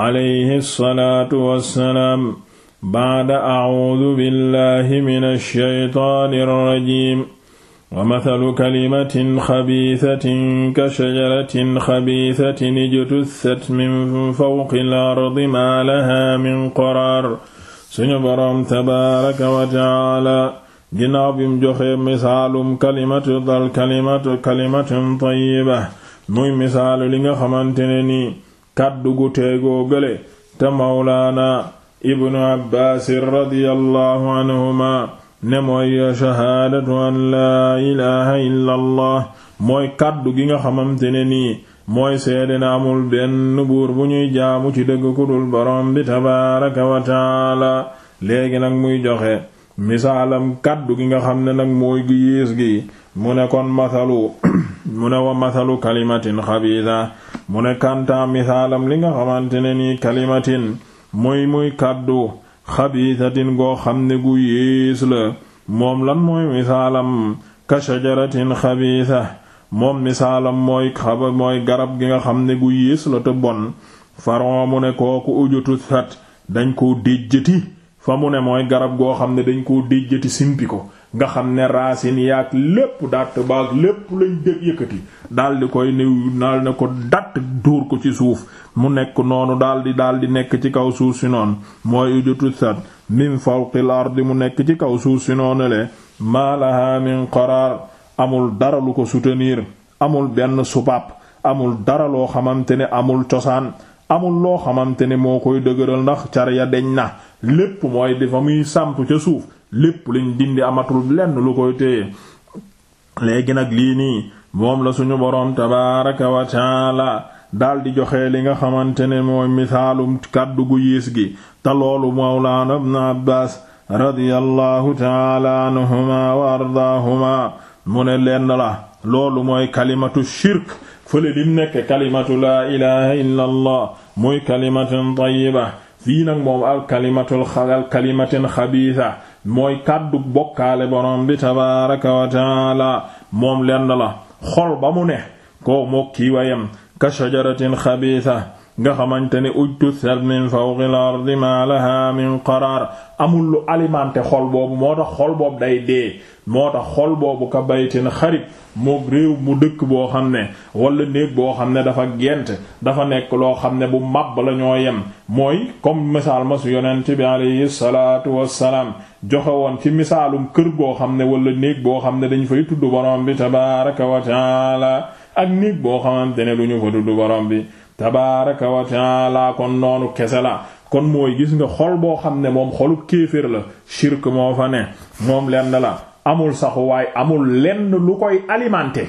alayhi salaatu wassalaam ba'da a'uudu billahi mina shaytaani rajiim wa mathalu kalimatin xabiisatin ka shajaratin xabiisatin ijtusat min fawqil ardi maa lahaa min qaraar suñu boroom tabaaraka wa taala ginnaaw bi mu joxe misaalum kalimatu dal kalimatu kalimatun tayyiba muy misaalu li nga xamante ne nii kàddu gu teegoo gële te mawlaana ibnu abbaasin radiyallahu anhuma ne mooy shahaadatu an laa ilaha illa mooy kàddu gi nga xamante ne nii mooy seede na amul benn buur bu ñuy jaamu ci dëgg ku dul borom bi tabaaraka wa taala léegi nag muy joxe misaalam kàddu gi nga xam ne nag mooy gi yées gi mu ne kon mathalu mu ne wa mathalu kalimatin xabiisa mu ne kàntaa misaalam li nga xamante ne nii kalimatin muy muy kàddu xabiisatin goo xam ne gu yées la moom lan mooy misaalam ka shajaratin xabiisa moom misaalam mooy xaba mooy garab gi nga xam ne gu yées la te bon faron mu ne kooku ujutu sat dañ koo déjjati fa mu ne mooy garab goo xam ne dañ koo déjjati simpi ko nga xam ne racine yaag lépp datt baag lépp lañ dég yëkkati daal koy niw daal ne ko datt duur ko ci suuf mu nekk noonu daal di daal di nekk ci kaw suuf si noonu mooy ujutu sat min fawqil ardi mu nekk ci kaw suuf si noonu le maa laha min amul dara lu ko soutenir amul benn subaab amul dara loo xamante ne amul cosaan amul loo xamante ne moo koy dëgëral ndax car ya deñ na lépp mooy dafa muy sàmp ca suuf lépp liñ dindi amatul lenn lu koy téye léegi nag lii nii moom la suñu boroom tabaaraka wa taala daldi joxe li nga xamante ne mooy misaalum kàddu gu yiis gi te loolu mawlaana ibn Abbaas radiyallahu taala anhuma wa ardaahuma mu ne lenn la loolu mooy kalimatu shirk fële di nekk kalimatu laa ilaha illa allah mooy kalimatun tayyiba moom al kalimatul xabiisa mooy kàddu bokkaale borom bi tabaaraka wa moom lenn la xol ba mu ne ko moo kii wayam ka shajaratin xabiisa nga xamante ne ujtu sal min fawqil ardi ma laha min qaraar amul lu alimenté xol boobu moo tax xol boobu day dee moo tax xol boobu ka baytin xarib moog réew mu dëkk boo xam ne wala néeg boo xam ne dafa gent dafa nekk loo xam ne bu màbb la ñoo yem mooy comme misaal ma su yonent bi alayhi salaatu wassalaam joxe woon ci misaalum kër goo xam ne wala néeg boo xam ne dañ fay tudd borom bi tabaaraka wa taala ak néeg boo xamante ne du ñu fa tudd borom bi tabaaraka wa taala kon noonu kese la kon mooy gis nga xol boo xam ne moom xolub kéeféer la shirk moo fa ne moom lenn la amul saxuwaay amul lenn lu koy alimenter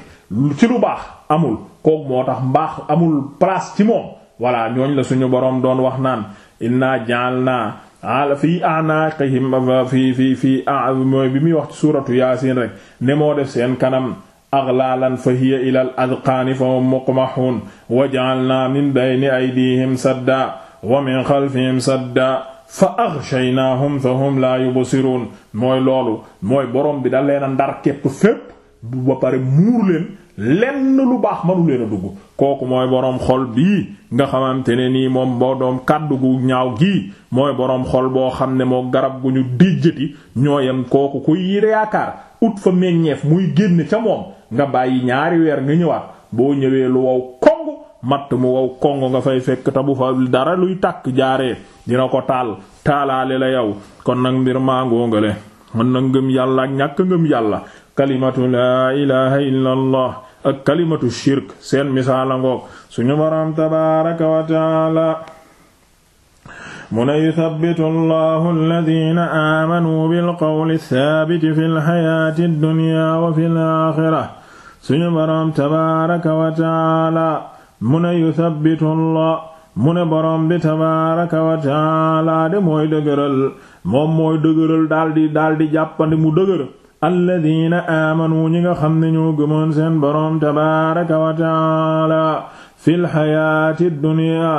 ci lu baax amul kook moo tax baax amul place ci moom voilà ñooñ la suñu borom doon wax naan inna naa ala fii fi fii mooy bi muy wax ci suratu yaasin rek ne moo def kanam aghlaalan fa hiya ila al fa hum muqmahun wa min bayni aydihim sadda wa min xalfihim sadda fa aghshaynahum fa hum laa yubsirun mooy loolu mooy borom bi da leen ndar képp fépp ba pare muur lenn lu baax mënu leen a dugg kooku mooy boroom xol bii nga xamante ne nii moom boo doom kàddu gu ñaaw gii mooy boroom xol boo xam ne moo garab gu ñu dijjati ñooyam kooku kuy yaakaar ut fa meññeef muy génn ca moom nga bàyyi ñaari weer nga ñëwaat boo ñëwee lu wow kongu matt mu wow kongo nga fay fekk te bu fa dara luy tàkk jaare dina ko taal taalaale la yow kon nag mbir maa ngóngale mën na ngëm yàlla ak ñàkk ngëm yàlla kalimatu laa ilaha illa allah ak kalimatu shirk seen misaala ngoog suñu boroom tabaaraka wa taala mu ne yuthabbitu allahu alladina aamanuu bilqawli thaabiti fi lxayaati dunya wa fi laaxira suñu boroom tabaaraka wa taala mu ne yuthabbitu allah mu ne boroom bi tabaaraka wa taala de mooy dëgëral moom mooy dëgëral daldi daldi jàppandi mu dëgër alladina aamanu ñi nga xam ne ñoo gëmoon seen boroom tabaaraka wa taala fi lxayaati dunya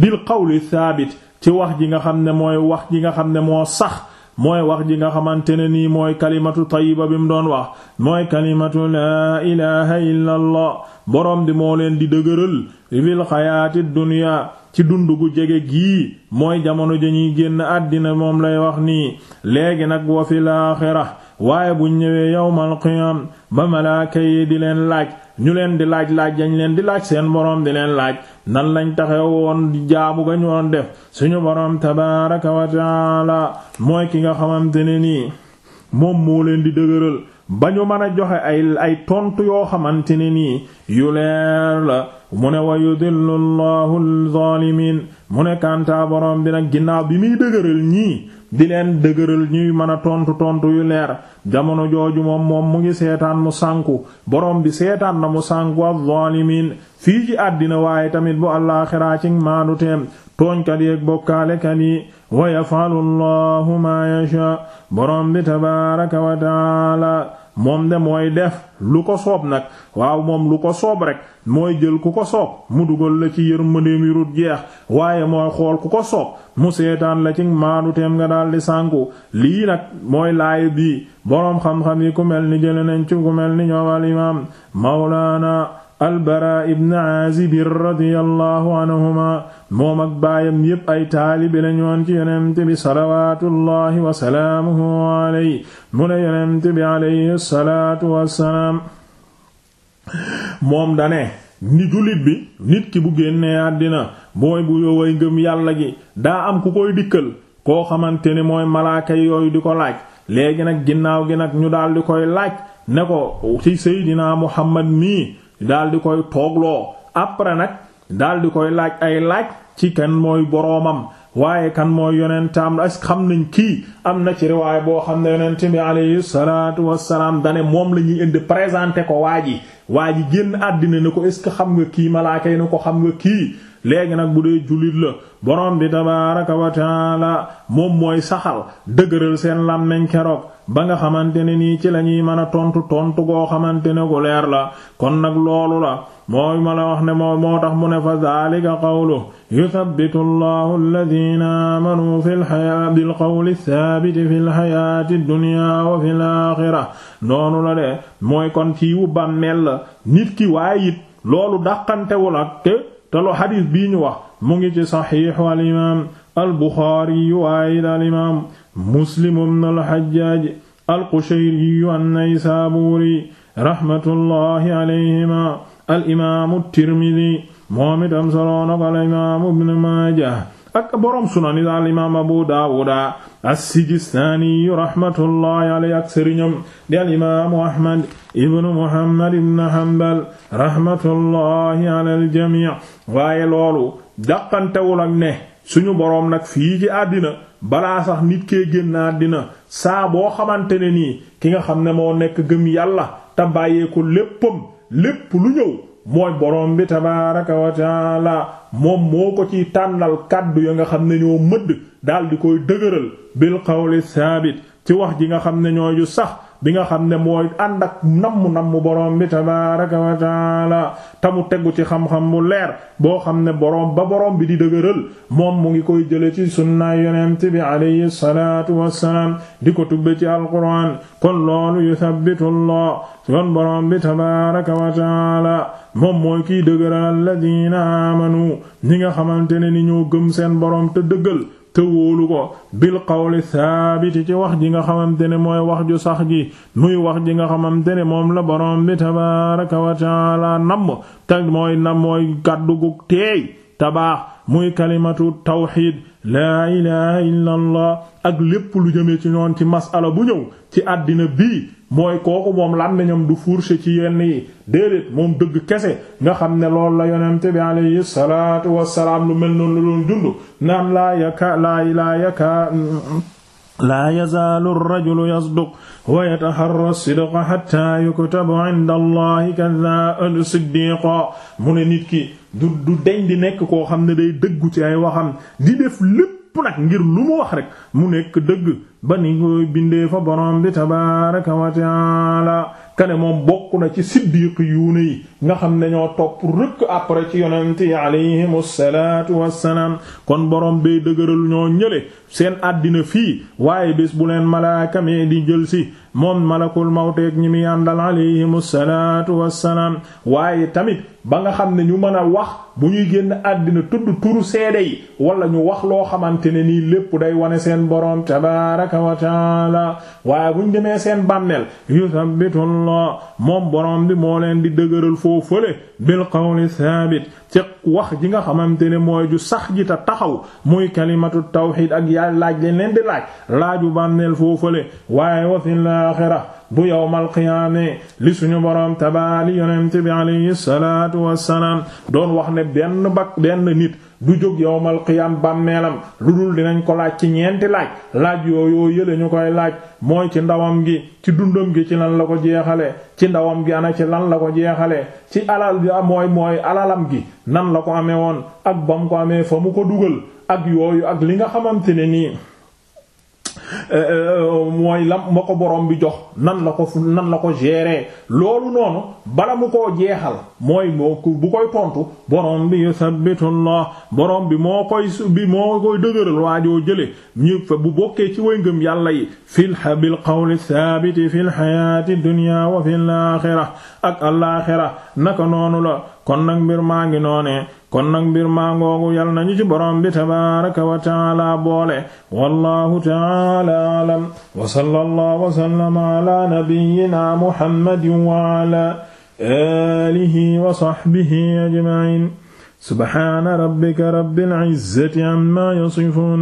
bil qawli thaabit ci wax ji nga xam ne mooy wax ji nga xam ne moo sax mooy wax ji nga xamante ne nii mooy kalimatu tayiba bi mu doon wax mooy kalimatu laa ilaha illa allah boroom di moo leen di dëgëral fil xayaati dunya ci dund gu jege gii mooy jamono ja ñuy génn àddina moom lay wax nii léegi nag wa fil aaxira waaye bu ñëwee yawmal qiyaam ba malaaka yi di leen laaj ñu leen di laaj laaj dañ leen di laaj seen boroom di leen laaj nan lañ taxaw woon di jaamu ga ñu def suñu boroom tabaaraka wa taala mooy ki nga xamante ne nii moom moo leen di dëgëral ba ñu mën a joxe ay ay tontu yoo xamante ne nii yu leer la. mu ne wa yudillu llahu mu ne kàntaa borom bi nag ginnaaw bi muy dëgëral ñii di leen dëgëral ñuy mën a tontu tontu yu leer jamono jooju moom moom mu ngi seetaan mu sànku borom bi seetaan na mu sànku az-zaalimiin fii ci àddina waaye tamit bu àllaaxiraa ci maadu teem tooñkat yeeg bokkaalekat yi wa yafalu llahu maa yashaa borom bi tabaaraka wa taala moom de mooy def lu ko soob nag waaw moom lu ko soob rek mooy jël ku ko soob mu dugal la ci yër yu dul jeex waaye mooy xool ku ko soob mu seetaan la ci maanu teem nga daldi sànku lii nag mooy laay bi boroom xam-xam yi ku mel ni jële nañ ci ku mel ni ñoom al imaam mawlaana albara ibn aazib radiyallahu moom ak baayam yépp ay taalibi la ñoon ci yonent bi salawatullahi wa salaamuhu mu ne yonent bi alayhi salaatu wassalaam moom dane ni jullit bi nit ki bu génnee àddina mooy bu yoway ngëm yàlla gi daa am ku koy dikkal koo xamante ne mooy malaaka yooyu di ko laaj léegi nag ginnaaw gi nag ñu daal di koy laaj ne ko ci seydinaa muhammad mii daal di koy toogloo après nag daal di koy laaj ay laaj ci kan mooy boroomam waaye kan mooy yonentam as xam nañ kii am na ci riwaay boo xam ne yonent bi alayhi salaatu wassalaam dane moom la ñuy indi présenté ko waa ji waa ji génn àddina ne ko est ce que xam nga kii malaaka yi ne ko xam nga kii léegi nag bu dee jullit la borom bi tabaaraka wa taala moom mooy saxal dëgëral seen làmmiñ keroog ba nga xamante ne nii ci la ñuy mën a tontu tontu goo xamante ne gu leer la kon nag loolu la mooy ma la wax ne moo moo tax mu ne fa daalika qawlu yuthabbitu allahu alladina amanu fi lxaya bil qawli thaabiti fi lxayaati dunya wa fi l noonu la de mooy kon ci wu bàmmeel la nit ki waaye it loolu dàqantewul ak te lu xadiis bii ñu wax mu ngi ci saxiixu al imaam al buxaari waaye al imaam muslim ibn al xajjaaj al qushayri an naysaabuuri raxmatullaahi alayhima al imaamu tirmidi moom itam soloona ko al imaamu ibn maaja ak boroom sunani al imaam abu daawuda as-Sijistaani rahmatullahi alayhi ak sëriñam di al imaamu Ahmad ibn Muhammad ibn Hanbal rahmatullahi ala jamii waaye loolu dàqantewul ak ne suñu boroom nag fii ci àddina balaa sax nit kee génn àddina saa boo xamante ne nii ki nga xam ne moo nekk gëm yàlla te bàyyee ko léppam lépp lu ñëw mooy borom bi tabaaraka wa taala moom moo ko ci tànnal kàddu ya nga xam ne ñoo mëdd daal di koy dëgëral bil qawli saabit ci wax ji nga xam ne ñoo yu sax bi nga xam ne mooy ànd ak namm namm borom bi tabaaraka wa taala tamu tegu ci xam-xam bu leer boo xam ne borom ba borom bi di dëgëral moom mu ngi koy jële ci sunna yonent bi alayhi salaatu wassalaam di ko tubbe ci alquran kon loolu yuthabbitu allah kon borom bi tabaaraka wa taala moom mooy kiy dëgëral alladina amanu ñi nga xamante ne ni ñoo gëm seen borom te dëggal te wóolu ko bil qawli thaabiti ci wax ji nga xamante ne mooy wax ju sax ji muy wax ji nga xamante ne moom la borom bi tabaaraka wa taala namm te mooy na mooy kàddu gu teey tabaax muy kalimatu tawxiid laa ilaha illa ak lépp lu jëmee ci ñoon ci masala bu ñëw ci àddina bii mooy kooku moom làmmiñam du fourche ci yenn yi déedéet moom dëgg kese nga xam ne loolu la yonente bi alayhi salaatu wassalaam lu mel noon la doon dund naan laa yaka laa laa yaka laa yazaalu rajulu yasduq wa yataharra sidqa hatta yuktabu inda allahi kaddaa siddiqa mu ne nit ki du du deñ di nekk koo xam ne day dëggu ci ay waxam di def lépp pour nag ngir lu mu wax rek mu nekk dëgg ba ni koy bindee fa borom bi tabaaraka wa taala kane moom bokk na ci siddiq yuune yi nga xam ne ñoo topp rëkk après ci yonent yi alayhimu salaatu wassalaam kon boroom bee dëgëral ñoo ñële seen àddina fii waaye bés bu leen malaaka mi di jël si moom malakul mawteeg ñi muy àndal alayhimu salaatu wassalaam waaye tamit ba nga xam ne ñu mën a wax bu ñuy génn àddina tudd tur seede yi wala ñu wax loo xamante ne nii lépp day wane seen boroom tabaaraka wa taala waaye bu ñu demee seen bàmmeel yusabbitu Allah moom boroom bi moo leen di dëgëral foofu fële bil qawli saabit ci wax ji nga xamante ne mooy ju sax ji ta taxaw muy kalimatu tawxiid ak yaa laaj leen leen di laaj laaju bànneel foofale waaye wa fil aaxira bu yawmal qiyaame li suñu boroom tabaali yonent bi alayhi salaatu wassalaam doon wax ne benn bak benn nit du jóg yowmal qiyam bammeelam lu dul dinañ ko laaj ci ñeenti laaj laaj yooyu yële ñu koy laaj mooy ci ndawam gi ci dundam gi ci lan la ko jeexale ci ndawam gi ana ci lan la ko jeexale ci alal bi mooy mooy alalam gi nan la ko amee woon ak ba ko amee fa mu ko dugal ak yooyu ak li nga xamante ne nii Euh, euh, euh, mooy lam ma ko borom bi jox nan la ko nan la ko gérer loolu noonu bala mu koo jeexal mooy moo bu koy tontu borom bi yusabbitullah borom bi moo koy bi moo koy dëgëral waajoo jële bu bokkee ci way ngëm yàlla yi fil bil qawli thabiti fil hayati dunya wa ak al naka noonu la kon nag mbir maa ngi noonee kon nag mbir maa ngoogu yal nañu ci borom bi tabaaraka wa taala boole wallahu taala alam wa sallallahu wa sallama ala nabiyyina muhammadin wa ala alihi wa sahbihi ajma'in subhana rabbika rabbil izzati amma yasifun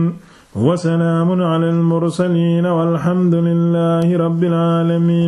wa salaamun ala al mursalin walhamdulillahi rabbil alamin